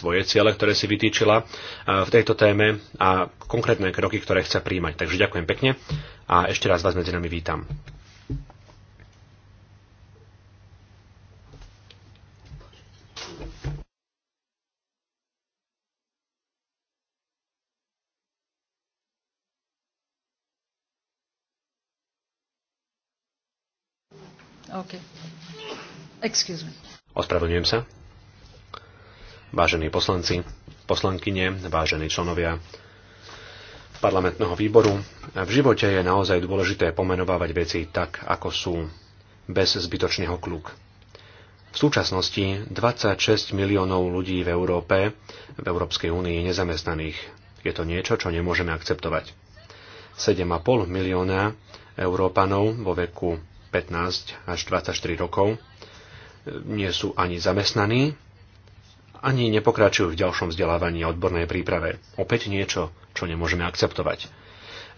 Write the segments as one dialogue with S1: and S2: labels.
S1: svoje ciele, ktoré si vytýčila e, v tejto téme a konkrétne kroky, ktoré chce príjmať. Takže ďakujem pekne a ešte raz vás medzi nami vítam. Okay. Ospravedlňujem sa vážení poslanci, poslankyne, vážení členovia parlamentného výboru. V živote je naozaj dôležité pomenovávať veci tak, ako sú, bez zbytočného kľúk. V súčasnosti 26 miliónov ľudí v Európe, v Európskej únii nezamestnaných. Je to niečo, čo nemôžeme akceptovať. 7,5 milióna Európanov vo veku 15 až 24 rokov nie sú ani zamestnaní, ani nepokračujú v ďalšom vzdelávaní a odbornej príprave. Opäť niečo, čo nemôžeme akceptovať.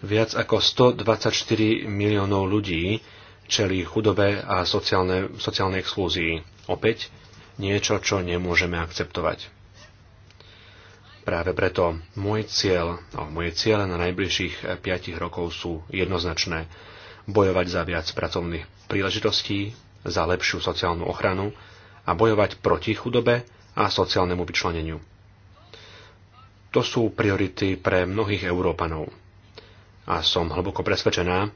S1: Viac ako 124 miliónov ľudí čelí chudobe a sociálne, sociálnej exklúzii. Opäť niečo, čo nemôžeme akceptovať. Práve preto môj cieľ, no, moje ciele na najbližších 5 rokov sú jednoznačné. Bojovať za viac pracovných príležitostí, za lepšiu sociálnu ochranu a bojovať proti chudobe a sociálnemu vyčleneniu. To sú priority pre mnohých Európanov. A som hlboko presvedčená,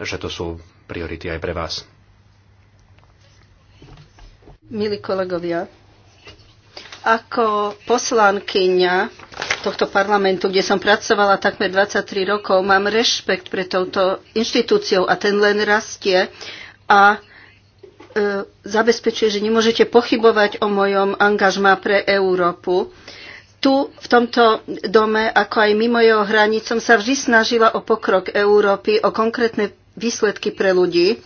S1: že to sú priority aj pre vás.
S2: Milí kolegovia, ako poslankyňa tohto parlamentu, kde som pracovala takmer 23 rokov, mám rešpekt pre touto inštitúciou a ten len rastie. A E, zabezpečuje, že nemôžete pochybovať o mojom angažmá pre Európu. Tu, v tomto dome, ako aj mimo jeho hranicom, som sa vždy snažila o pokrok Európy, o konkrétne výsledky pre ľudí.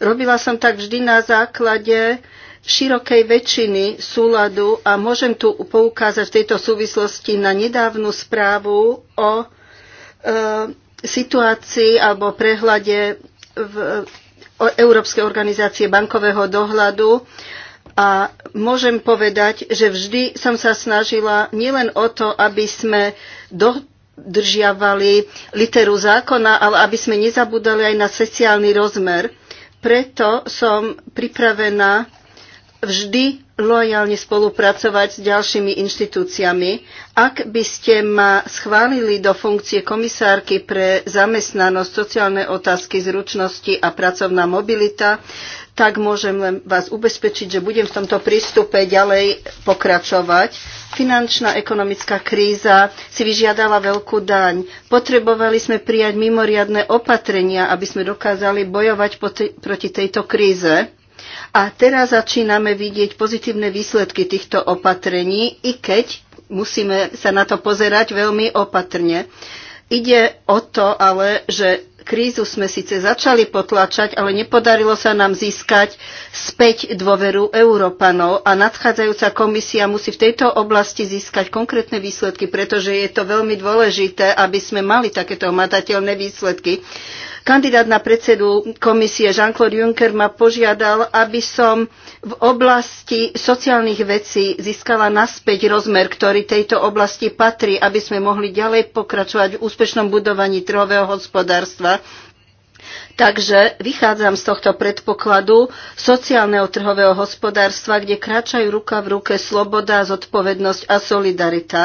S2: Robila som tak vždy na základe širokej väčšiny súladu a môžem tu poukázať v tejto súvislosti na nedávnu správu o e, situácii alebo prehľade v Európskej organizácie bankového dohľadu a môžem povedať, že vždy som sa snažila nielen o to, aby sme dodržiavali literu zákona, ale aby sme nezabudali aj na sociálny rozmer. Preto som pripravená vždy lojálne spolupracovať s ďalšími inštitúciami. Ak by ste ma schválili do funkcie komisárky pre zamestnanosť, sociálne otázky, zručnosti a pracovná mobilita, tak môžem len vás ubezpečiť, že budem v tomto prístupe ďalej pokračovať. Finančná ekonomická kríza si vyžiadala veľkú daň. Potrebovali sme prijať mimoriadne opatrenia, aby sme dokázali bojovať proti tejto kríze a teraz začíname vidieť pozitívne výsledky týchto opatrení, i keď musíme sa na to pozerať veľmi opatrne. Ide o to ale, že krízu sme síce začali potlačať, ale nepodarilo sa nám získať späť dôveru Európanov a nadchádzajúca komisia musí v tejto oblasti získať konkrétne výsledky, pretože je to veľmi dôležité, aby sme mali takéto matateľné výsledky. Kandidát na predsedu komisie Jean-Claude Juncker ma požiadal, aby som v oblasti sociálnych vecí získala naspäť rozmer, ktorý tejto oblasti patrí, aby sme mohli ďalej pokračovať v úspešnom budovaní trhového hospodárstva, Takže vychádzam z tohto predpokladu sociálneho trhového hospodárstva, kde kráčajú ruka v ruke sloboda, zodpovednosť a solidarita.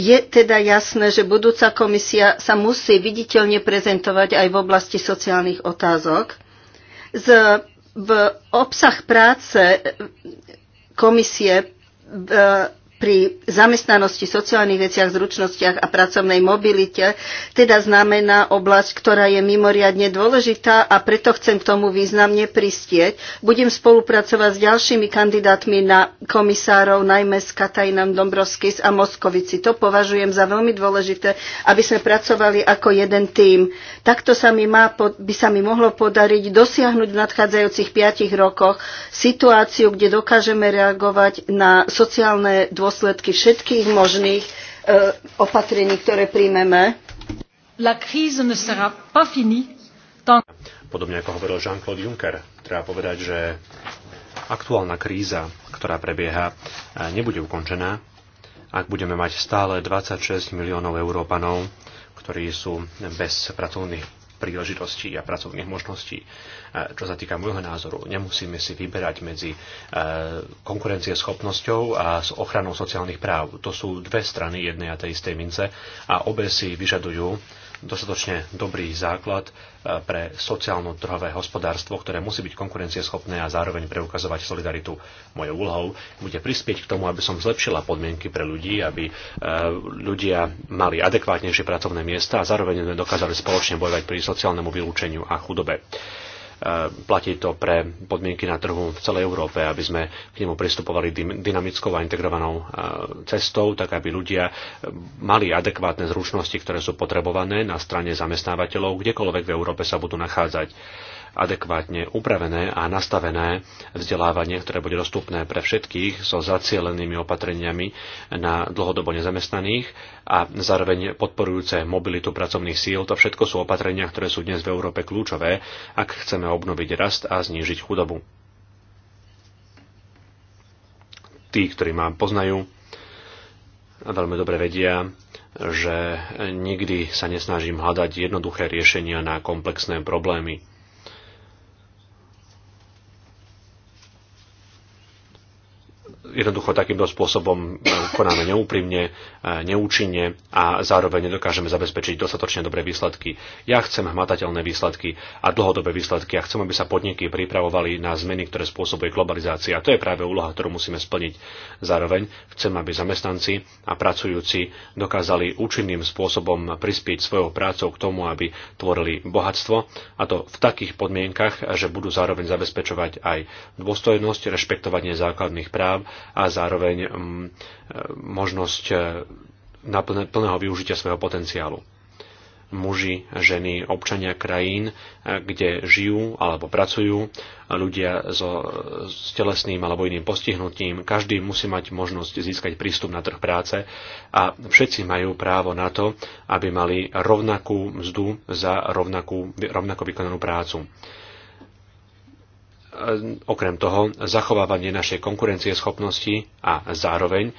S2: Je teda jasné, že budúca komisia sa musí viditeľne prezentovať aj v oblasti sociálnych otázok. Z, v obsah práce komisie v pri zamestnanosti, sociálnych veciach, zručnostiach a pracovnej mobilite, teda znamená oblasť, ktorá je mimoriadne dôležitá a preto chcem k tomu významne pristieť. Budem spolupracovať s ďalšími kandidátmi na komisárov, najmä s Katajnom Dombrovskis a Moskovici. To považujem za veľmi dôležité, aby sme pracovali ako jeden tím. Takto sa mi má, by sa mi mohlo podariť dosiahnuť v nadchádzajúcich piatich rokoch situáciu, kde dokážeme reagovať na sociálne dôležité dôsledky všetkých možných eh, opatrení, ktoré príjmeme. La crise ne sera pas finie tant...
S1: Podobne ako hovoril Jean-Claude Juncker, treba povedať, že aktuálna kríza, ktorá prebieha, eh, nebude ukončená, ak budeme mať stále 26 miliónov Európanov, ktorí sú bez pracovných príležitostí a pracovných možností. E, čo sa týka môjho názoru, nemusíme si vyberať medzi e, konkurencieschopnosťou a s ochranou sociálnych práv. To sú dve strany jednej a tej istej mince a obe si vyžadujú dostatočne dobrý základ e, pre sociálno-trhové hospodárstvo, ktoré musí byť konkurencieschopné a zároveň preukazovať solidaritu. Mojou úlohou bude prispieť k tomu, aby som zlepšila podmienky pre ľudí, aby e, ľudia mali adekvátnejšie pracovné miesta a zároveň sme dokázali spoločne bojovať pri sociálnemu vylúčeniu a chudobe. E, platí to pre podmienky na trhu v celej Európe, aby sme k nemu pristupovali dynamickou a integrovanou e, cestou, tak aby ľudia mali adekvátne zručnosti, ktoré sú potrebované na strane zamestnávateľov, kdekoľvek v Európe sa budú nachádzať adekvátne upravené a nastavené vzdelávanie, ktoré bude dostupné pre všetkých so zacielenými opatreniami na dlhodobo nezamestnaných a zároveň podporujúce mobilitu pracovných síl. To všetko sú opatrenia, ktoré sú dnes v Európe kľúčové, ak chceme obnoviť rast a znížiť chudobu. Tí, ktorí ma poznajú, veľmi dobre vedia, že nikdy sa nesnažím hľadať jednoduché riešenia na komplexné problémy. jednoducho takýmto spôsobom konáme neúprimne, e, neúčinne a zároveň nedokážeme zabezpečiť dostatočne dobré výsledky. Ja chcem hmatateľné výsledky a dlhodobé výsledky a chcem, aby sa podniky pripravovali na zmeny, ktoré spôsobuje globalizácia. A to je práve úloha, ktorú musíme splniť. Zároveň chcem, aby zamestnanci a pracujúci dokázali účinným spôsobom prispieť svojou prácou k tomu, aby tvorili bohatstvo a to v takých podmienkach, že budú zároveň zabezpečovať aj dôstojnosť, rešpektovanie základných práv a zároveň mm, e, možnosť e, plného využitia svojho potenciálu muži, ženy, občania krajín, e, kde žijú alebo pracujú, ľudia so, s telesným alebo iným postihnutím. Každý musí mať možnosť získať prístup na trh práce a všetci majú právo na to, aby mali rovnakú mzdu za rovnakú, rovnako vykonanú prácu okrem toho zachovávanie našej konkurencieschopnosti a zároveň e,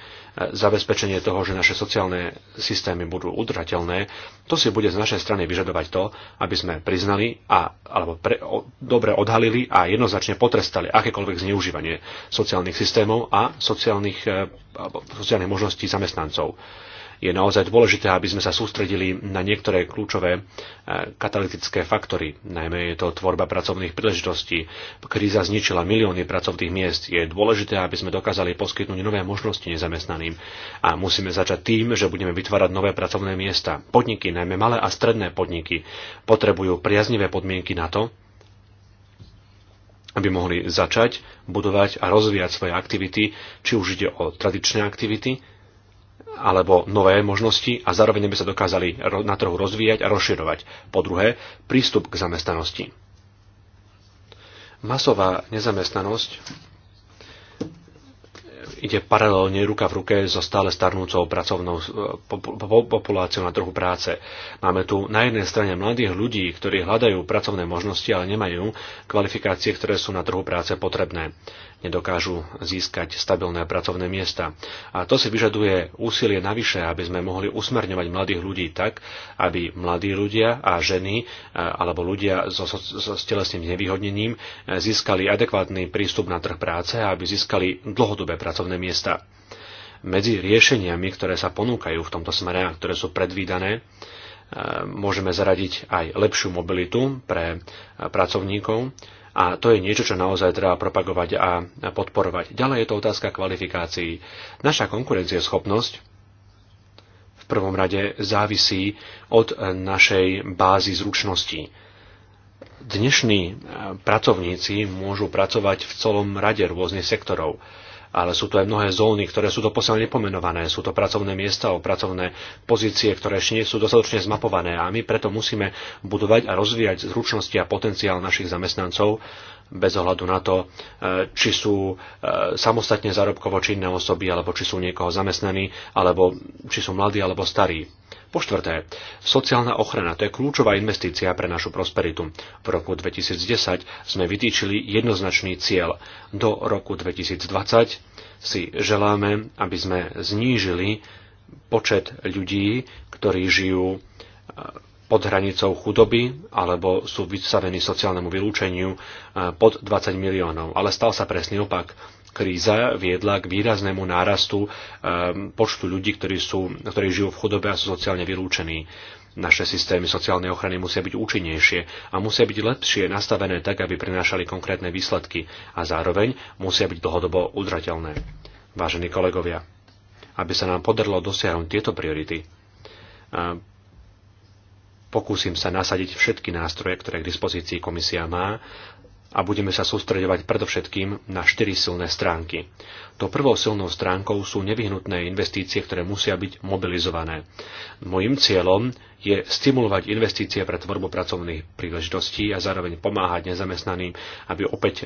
S1: zabezpečenie toho, že naše sociálne systémy budú udržateľné, to si bude z našej strany vyžadovať to, aby sme priznali a, alebo pre, o, dobre odhalili a jednoznačne potrestali akékoľvek zneužívanie sociálnych systémov a sociálnych, e, sociálnych možností zamestnancov je naozaj dôležité, aby sme sa sústredili na niektoré kľúčové e, katalytické faktory. Najmä je to tvorba pracovných príležitostí. Kríza zničila milióny pracovných miest. Je dôležité, aby sme dokázali poskytnúť nové možnosti nezamestnaným. A musíme začať tým, že budeme vytvárať nové pracovné miesta. Podniky, najmä malé a stredné podniky, potrebujú priaznivé podmienky na to, aby mohli začať budovať a rozvíjať svoje aktivity, či už ide o tradičné aktivity, alebo nové možnosti a zároveň by sa dokázali na trhu rozvíjať a rozširovať. Po druhé, prístup k zamestnanosti. Masová nezamestnanosť ide paralelne ruka v ruke so stále starnúcou pracovnou eh, populáciou na trhu práce. Máme tu na jednej strane mladých ľudí, ktorí hľadajú pracovné možnosti, ale nemajú kvalifikácie, ktoré sú na trhu práce potrebné nedokážu získať stabilné pracovné miesta. A to si vyžaduje úsilie navyše, aby sme mohli usmerňovať mladých ľudí tak, aby mladí ľudia a ženy e, alebo ľudia so, so, so telesným nevýhodnením e, získali adekvátny prístup na trh práce a aby získali dlhodobé pracovné miesta. Medzi riešeniami, ktoré sa ponúkajú v tomto smere a ktoré sú predvídané, e, môžeme zaradiť aj lepšiu mobilitu pre pracovníkov, a to je niečo, čo naozaj treba propagovať a podporovať. Ďalej je to otázka kvalifikácií. Naša konkurencieschopnosť v prvom rade závisí od našej bázy zručností. Dnešní pracovníci môžu pracovať v celom rade rôznych sektorov ale sú tu aj mnohé zóny, ktoré sú doposiaľ nepomenované. Sú to pracovné miesta o pracovné pozície, ktoré ešte nie sú dostatočne zmapované a my preto musíme budovať a rozvíjať zručnosti a potenciál našich zamestnancov bez ohľadu na to, e, či sú e, samostatne zárobkovo činné osoby, alebo či sú niekoho zamestnaní, alebo či sú mladí alebo starí. Po štvrté, sociálna ochrana to je kľúčová investícia pre našu prosperitu. V roku 2010 sme vytýčili jednoznačný cieľ. Do roku 2020 si želáme, aby sme znížili počet ľudí, ktorí žijú e, pod hranicou chudoby alebo sú vystavení sociálnemu vylúčeniu eh, pod 20 miliónov. Ale stal sa presný opak. Kríza viedla k výraznému nárastu eh, počtu ľudí, ktorí, sú, ktorí žijú v chudobe a sú sociálne vylúčení. Naše systémy sociálnej ochrany musia byť účinnejšie a musia byť lepšie nastavené tak, aby prinášali konkrétne výsledky a zároveň musia byť dlhodobo udrateľné. Vážení kolegovia, aby sa nám podarilo dosiahnuť tieto priority, eh, Pokúsim sa nasadiť všetky nástroje, ktoré k dispozícii komisia má, a budeme sa sústredovať predovšetkým na štyri silné stránky. To prvou silnou stránkou sú nevyhnutné investície, ktoré musia byť mobilizované. Mojím cieľom je stimulovať investície pre tvorbu pracovných príležitostí a zároveň pomáhať nezamestnaným, aby opäť e,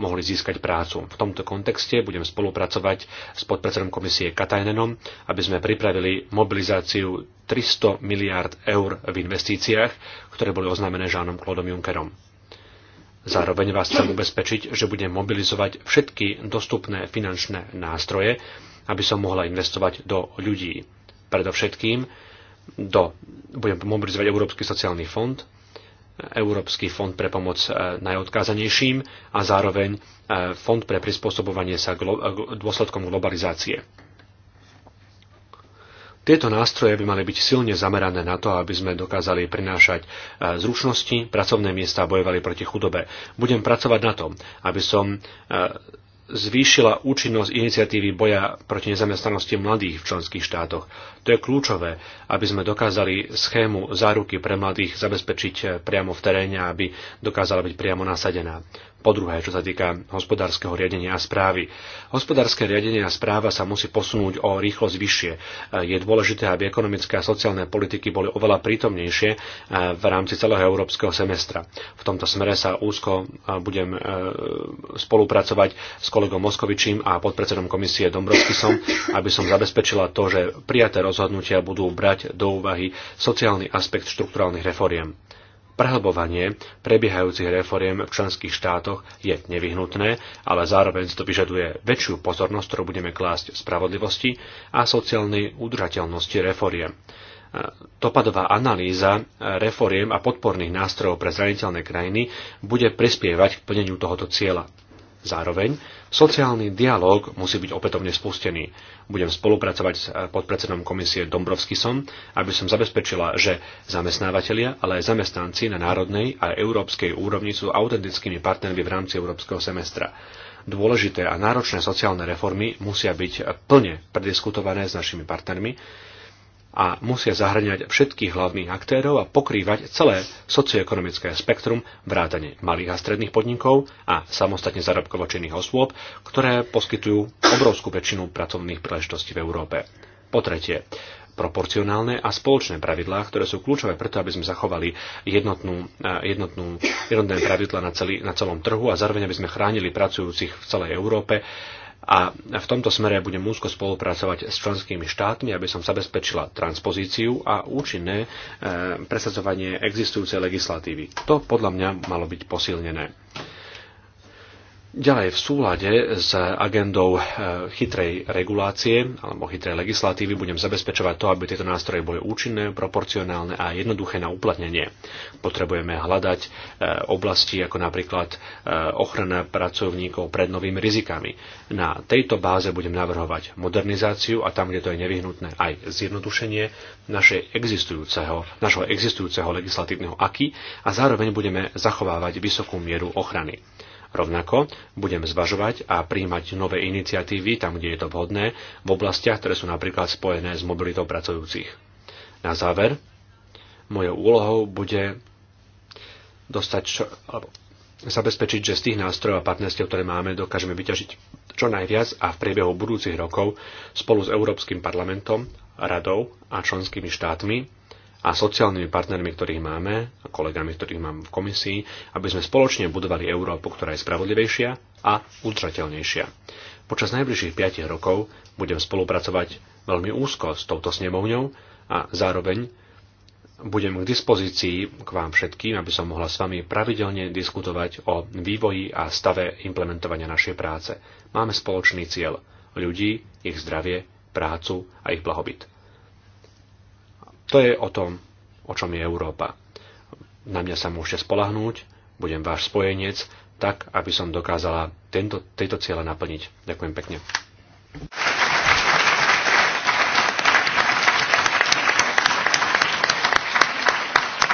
S1: mohli získať prácu. V tomto kontexte budem spolupracovať s podpredsedom komisie Katajnenom, aby sme pripravili mobilizáciu 300 miliárd eur v investíciách, ktoré boli oznámené Žánom Klodom Junckerom. Zároveň vás chcem ubezpečiť, že budem mobilizovať všetky dostupné finančné nástroje, aby som mohla investovať do ľudí. Predovšetkým do, budem mobilizovať Európsky sociálny fond, Európsky fond pre pomoc e, najodkázanejším a zároveň e, fond pre prispôsobovanie sa e, dôsledkom globalizácie. Tieto nástroje by mali byť silne zamerané na to, aby sme dokázali prinášať e, zručnosti, pracovné miesta a bojovali proti chudobe. Budem pracovať na tom, aby som e, zvýšila účinnosť iniciatívy boja proti nezamestnanosti mladých v členských štátoch. To je kľúčové, aby sme dokázali schému záruky pre mladých zabezpečiť e, priamo v teréne, aby dokázala byť priamo nasadená. Po druhé, čo sa týka hospodárskeho riadenia a správy. Hospodárske riadenie a správa sa musí posunúť o rýchlosť vyššie. Je dôležité, aby ekonomické a sociálne politiky boli oveľa prítomnejšie eh, v rámci celého európskeho semestra. V tomto smere sa úzko eh, budem eh, spolupracovať s kolegom Moskovičím a podpredsedom komisie Dombrovskisom, aby som zabezpečila to, že prijaté rozhodnutia budú brať do úvahy sociálny aspekt štrukturálnych reforiem. Prehlbovanie prebiehajúcich reforiem v členských štátoch je nevyhnutné, ale zároveň to vyžaduje väčšiu pozornosť, ktorú budeme klásť spravodlivosti a sociálnej udržateľnosti reforiem. Topadová analýza reforiem a podporných nástrojov pre zraniteľné krajiny bude prispievať k plneniu tohoto cieľa. Zároveň sociálny dialog musí byť opätovne spustený. Budem spolupracovať s eh, podpredsedom komisie Dombrovskisom, aby som zabezpečila, že zamestnávateľia, ale aj zamestnanci na národnej a európskej úrovni sú autentickými partnermi v rámci európskeho semestra. Dôležité a náročné sociálne reformy musia byť plne prediskutované s našimi partnermi, a musia zahrňať všetkých hlavných aktérov a pokrývať celé socioekonomické spektrum vrátane malých a stredných podnikov a samostatne zarobkovočených činných osôb, ktoré poskytujú obrovskú väčšinu pracovných príležitostí v Európe. Po tretie, proporcionálne a spoločné pravidlá, ktoré sú kľúčové preto, aby sme zachovali jednotnú, e, jednotnú, jednotné pravidlá na, celý, na celom trhu a zároveň aby sme chránili pracujúcich v celej Európe a v tomto smere budem úzko spolupracovať s členskými štátmi, aby som zabezpečila transpozíciu a účinné e, presadzovanie existujúcej legislatívy. To podľa mňa malo byť posilnené. Ďalej v súlade s agendou e, chytrej regulácie alebo chytrej legislatívy budem zabezpečovať to, aby tieto nástroje boli účinné, proporcionálne a jednoduché na uplatnenie. Potrebujeme hľadať e, oblasti ako napríklad e, ochrana pracovníkov pred novými rizikami. Na tejto báze budem navrhovať modernizáciu a tam, kde to je nevyhnutné, aj zjednodušenie existujúceho, našho existujúceho legislatívneho aky a zároveň budeme zachovávať vysokú mieru ochrany. Rovnako budem zvažovať a príjmať nové iniciatívy tam, kde je to vhodné, v oblastiach, ktoré sú napríklad spojené s mobilitou pracujúcich. Na záver, mojou úlohou bude dostať čo, alebo zabezpečiť, že z tých nástrojov a partnerstiev, ktoré máme, dokážeme vyťažiť čo najviac a v priebehu budúcich rokov spolu s Európskym parlamentom, radou a členskými štátmi a sociálnymi partnermi, ktorých máme, a kolegami, ktorých mám v komisii, aby sme spoločne budovali Európu, ktorá je spravodlivejšia a udržateľnejšia. Počas najbližších 5 rokov budem spolupracovať veľmi úzko s touto snemovňou a zároveň budem k dispozícii k vám všetkým, aby som mohla s vami pravidelne diskutovať o vývoji a stave implementovania našej práce. Máme spoločný cieľ ľudí, ich zdravie, prácu a ich blahobyt. To je o tom, o čom je Európa. Na mňa sa môžete spolahnúť, budem váš spojenec, tak, aby som dokázala tento, tejto cieľa naplniť. Ďakujem pekne.